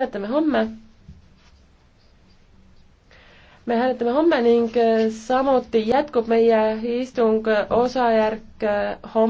hääletame homme. me hääletame homme ning eh, samuti jätkub meie istung eh, osajärk eh, homme.